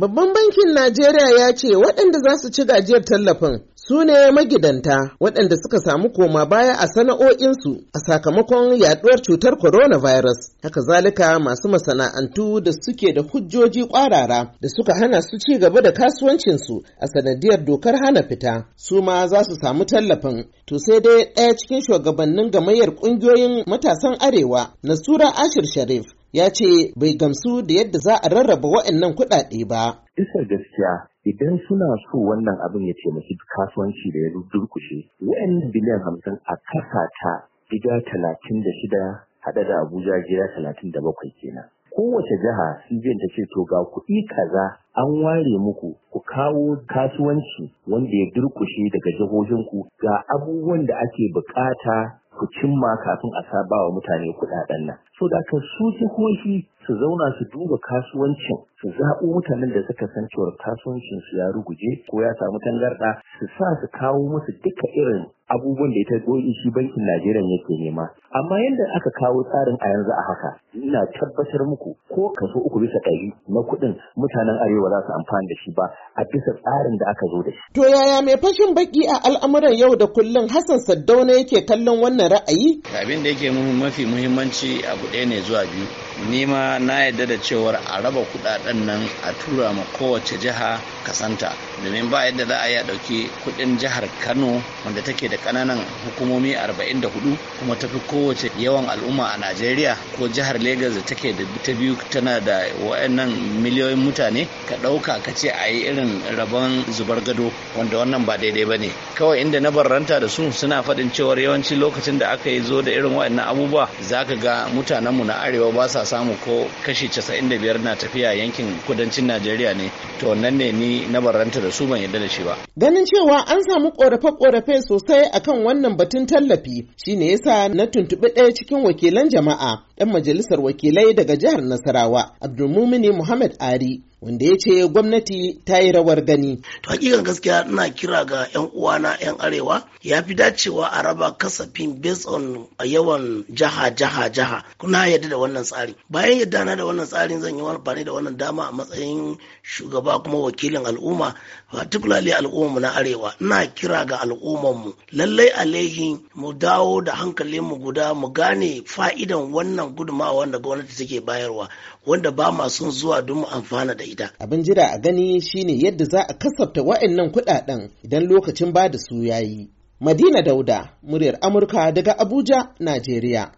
Babban bankin Najeriya ya ce waɗanda za su ci gajiyar tallafin su ne magidanta waɗanda suka samu koma baya a sana'o'insu a sakamakon yaɗuwar cutar coronavirus. Haka zalika masu masana'antu da suke da hujjoji ƙwarara da suka hana su ci gaba da kasuwancinsu a sanadiyar dokar hana fita su ma za su samu tallafin. To sai dai ɗaya cikin shugabannin gamayyar ƙungiyoyin matasan Arewa, Nasura Ashir Sharif, ya ce bai gamsu da yadda za a rarraba waɗannan kuɗaɗe ba. Isar gaskiya idan suna so wannan abin ya ce masu kasuwanci da ya durkushe waɗannan biliyan hamsin a kasa ta gida talatin da shida haɗa da Abuja gida talatin da bakwai kenan. kowace jiha CBN ta ce to ga kuɗi kaza an ware muku ku kawo kasuwanci wanda ya durkushe daga jihohinku ga abubuwan da ake bukata ku cimma kafin a saba wa mutane kuɗaɗen nan. So da ka su su zauna su duba kasuwancin su zaɓo mutanen da suka san cewar kasuwancin su ya ruguje ko ya samu tangarɗa su sa su kawo musu duka irin abubuwan da ita doyi shi bankin Najeriya ne yake nema amma yadda aka kawo tsarin a yanzu a haka ina tabbatar muku ko kaso uku bisa ɗari na kuɗin mutanen arewa za su amfani da shi ba a bisa tsarin da aka zo da shi. To yaya mai fashin baki a al'amuran yau da kullum Hassan Saddauna yake kallon wannan ra'ayi? Abin da yake mafi muhimmanci abu ɗaya ne zuwa biyu. Ni ma na yarda da cewar a raba kuɗaɗen nan a tura ma kowace jiha kasanta domin ba yadda za a yi a ɗauki kuɗin jihar Kano wanda take da kananan hukumomi 44 kuma tafi kowace yawan al'umma a najeriya ko jihar lagos da take da ta biyu tana da wayannan miliyoyin mutane ka ɗauka ka ce a yi irin rabon zubar gado wanda wannan ba daidai ba ne kawai inda na barranta da su suna faɗin cewar yawanci lokacin da aka yi zo da irin wayannan abubuwa za ka ga mutanenmu na arewa ba sa samu ko kashi 95 na tafiya yankin kudancin najeriya ne to wannan ne ni na barranta da su ban yarda da shi ba ganin cewa an samu korafe-korafe sosai akan wannan batun tallafi shine yasa na tuntuɓi ɗaya cikin wakilan jama'a ɗan majalisar wakilai daga jihar Nasarawa Abdulmumini Muhammad Ari wanda ya ce gwamnati ta yi rawar gani. To hakikan gaskiya ina kira ga 'yan uwana 'yan arewa ya fi dacewa a raba kasafin based on yawan jaha jaha jaha kuna yadda da wannan tsari. Bayan yadda na da wannan tsarin zan yi amfani da wannan dama a matsayin shugaba kuma wakilin al'umma particularly al'ummu na arewa ina kira ga al'ummanmu lallai alaihi mu dawo da mu guda mu gane fa'idan wannan gudumawa wanda gwamnati take bayarwa wanda ba ma son zuwa don mu amfana da fa'ida. Abin jira a gani shine yadda za a kasafta wa'annan kuɗaɗen idan lokacin ba da su yayi. Madina Dauda, muryar Amurka daga Abuja, Najeriya.